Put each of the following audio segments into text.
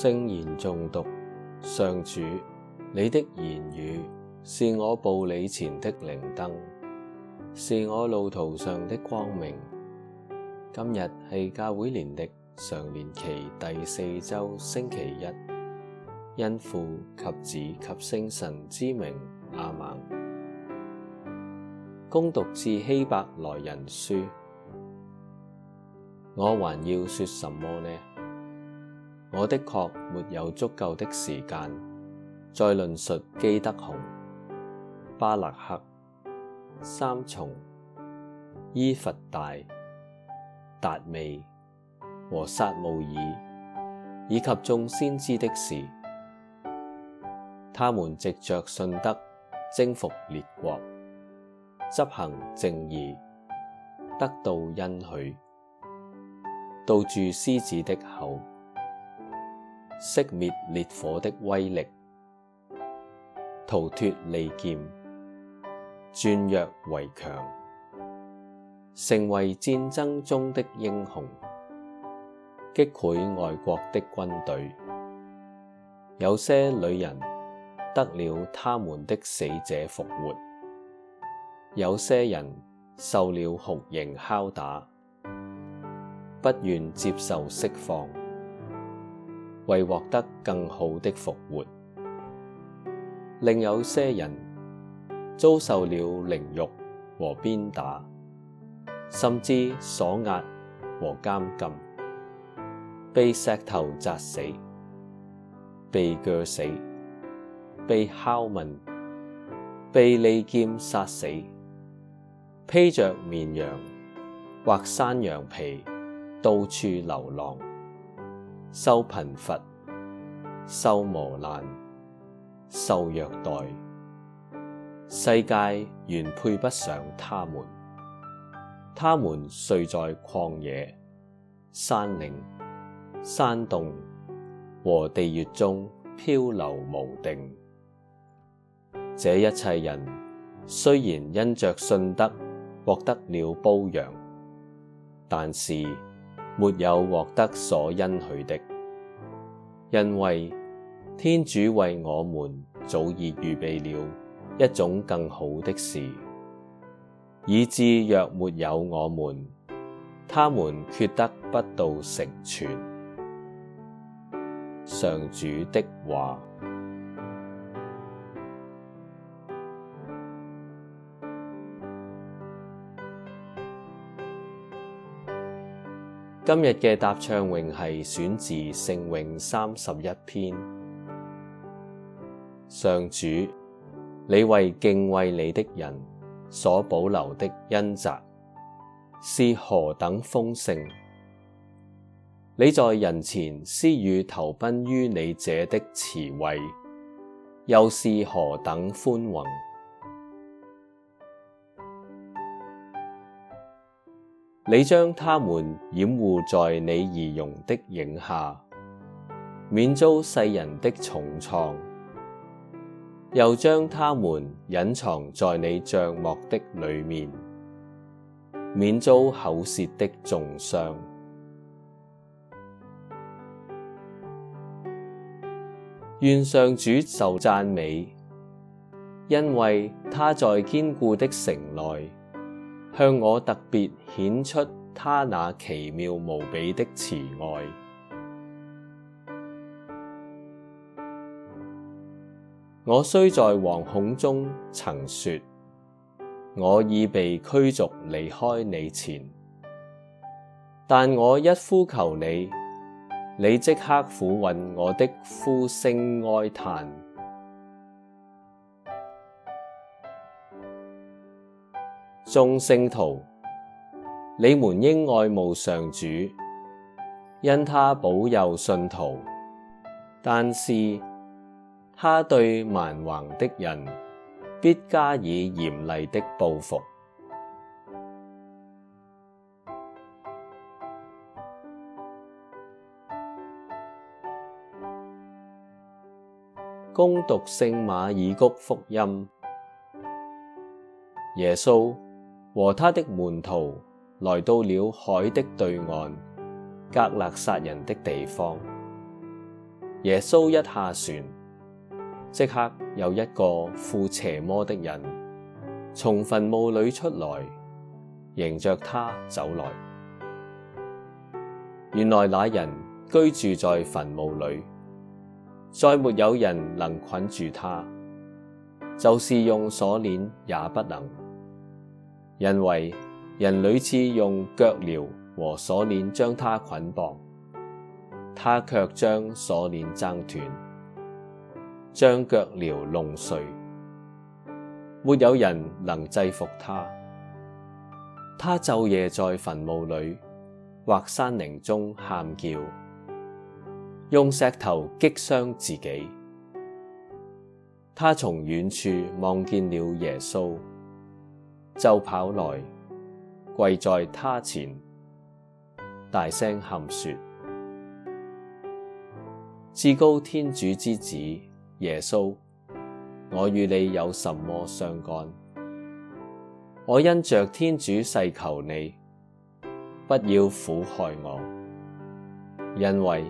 聖言誦讀。上主，你的言語是我步你前的靈燈，是我路途上的光明。今日係教會年曆常年期第四周星期一，因父及子及聖神之名阿敏。恭讀《致希伯來人書》，我還要說什麼呢？我的確沒有足夠的時間再論述基德紅、巴辣克、三松、依弗大、達味和撒慕爾以及眾先知的事。他們藉着信德征服列國，執行正義，得到恩許，杜住獅子的口。熄滅烈火的威力，逃脫利劍，轉弱為強，成為戰爭中的英雄，擊潰外國的軍隊。有些女人得了她們的死者復活，有些人受了酷刑拷打，不願接受釋放。為獲得更好的復活，另有些人遭受了凌辱和鞭打，甚至鎖押和監禁，被石頭砸死，被鋸死，被拷問，被利劍殺死，披着綿羊或山羊皮到處流浪。受貧乏、受磨難、受虐待，世界原配不上他們。他們遂在曠野、山嶺、山洞和地穴中漂流無定。這一切人雖然因着信德獲得了褒揚，但是，沒有獲得所恩許的，因為天主為我們早已預備了一種更好的事，以致若沒有我們，他們決得不到成全。上主的話。今日嘅答唱詠係選自聖詠三十一篇。上主，你為敬畏你的人所保留的恩澤，是何等豐盛！你在人前施予投奔於你者的慈惠，又是何等寬宏！你將他們掩護在你儀容的影下，免遭世人的重創；又將他們隱藏在你帳幕的裏面，免遭口舌的中傷。願上主受讚美，因為他在堅固的城內。向我特別顯出他那奇妙無比的慈愛。我雖在惶恐中曾說，我已被驅逐離開你前，但我一呼求你，你即刻俯允我的呼聲哀嘆。眾聖徒，你們應愛慕上主，因他保佑信徒；但是他對蠻橫的人必加以嚴厲的報復。恭讀聖馬爾谷福音，耶穌。和他的門徒來到了海的對岸，革辣撒人的地方。耶穌一下船，即刻有一個附邪魔的人從墳墓裏出來，迎着他走來。原來那人居住在墳墓裏，再沒有人能捆住他，就是用鎖鏈也不能。因為人屢次用腳鐐和鎖鏈將他捆綁，他卻將鎖鏈掙斷，將腳鐐弄碎。沒有人能制服他。他晝夜在墳墓裏或山嶺中喊叫，用石頭擊傷自己。他從遠處望見了耶穌。就跑來，跪在他前，大聲喊說：至高天主之子耶穌，我與你有什麼相干？我因着天主誓求你，不要苦害我。因為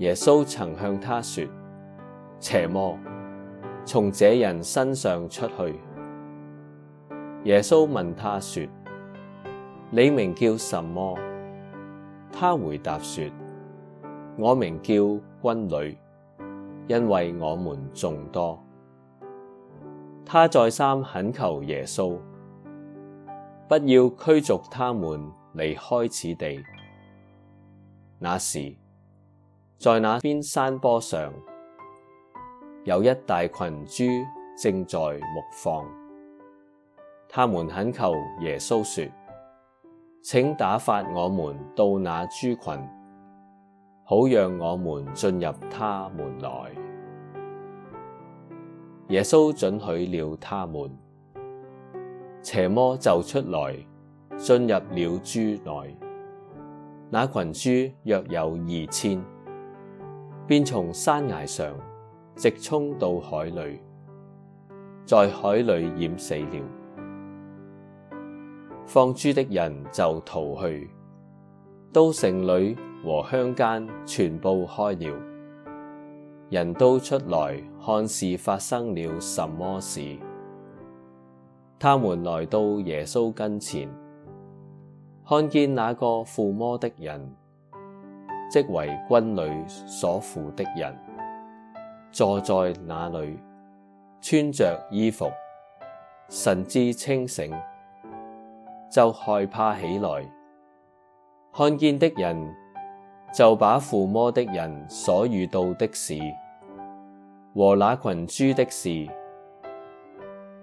耶穌曾向他說：邪魔，從這人身上出去。耶穌問他說：你名叫什麼？他回答說：我名叫軍旅，因為我們眾多。他再三懇求耶穌，不要驅逐他們離開此地。那時，在那邊山坡上，有一大群豬正在牧放。他們懇求耶穌說：“請打發我們到那豬群，好讓我們進入他們內。”耶穌准許了他們，邪魔就出來進入了豬內。那群豬約有二千，便從山崖上直衝到海裏，在海裏淹死了。放豬的人就逃去，到城裏和鄉間傳報開了，人都出來看是發生了什麼事。他們來到耶穌跟前，看見那個附魔的人，即為軍旅所附的人，坐在那裏，穿着衣服，神志清醒。就害怕起來，看見的人就把附魔的人所遇到的事，和那群豬的事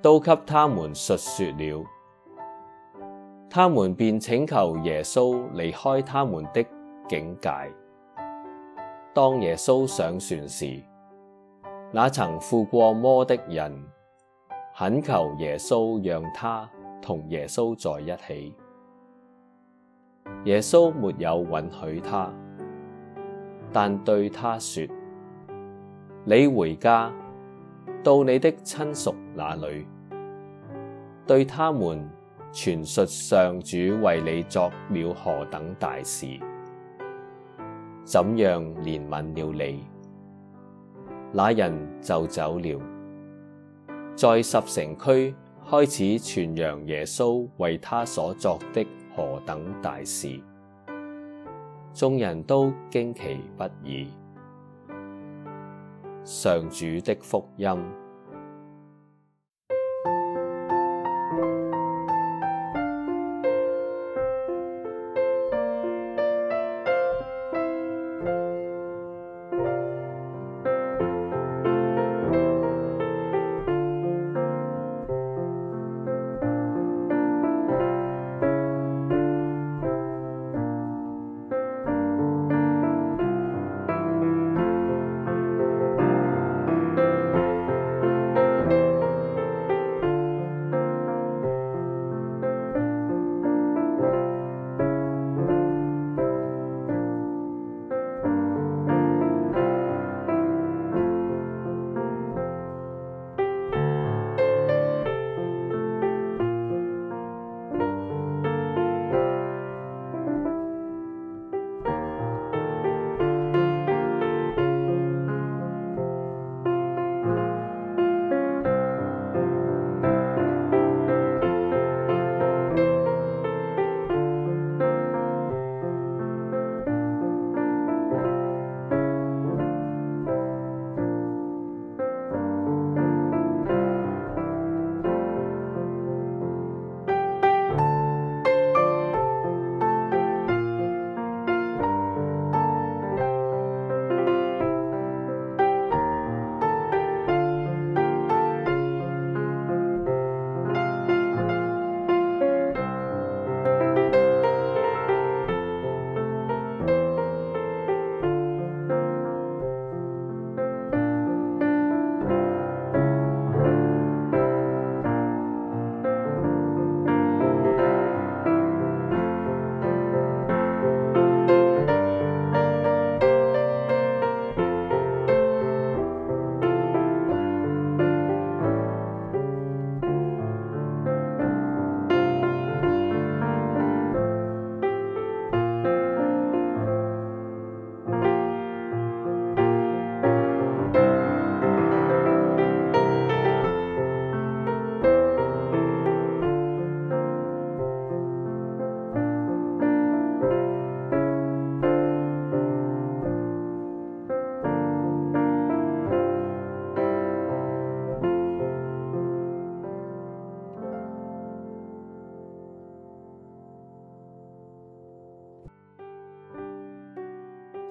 都給他們述說了，他們便請求耶穌離開他們的境界。當耶穌上船時，那曾附過魔的人懇求耶穌讓他。同耶穌在一起，耶穌沒有允許他，但對他說：你回家，到你的親屬那裏，對他們傳述上主為你作了何等大事，怎樣憐憫了你。那人就走了，在十城區。開始傳揚耶穌為他所作的何等大事，眾人都驚奇不已。上主的福音。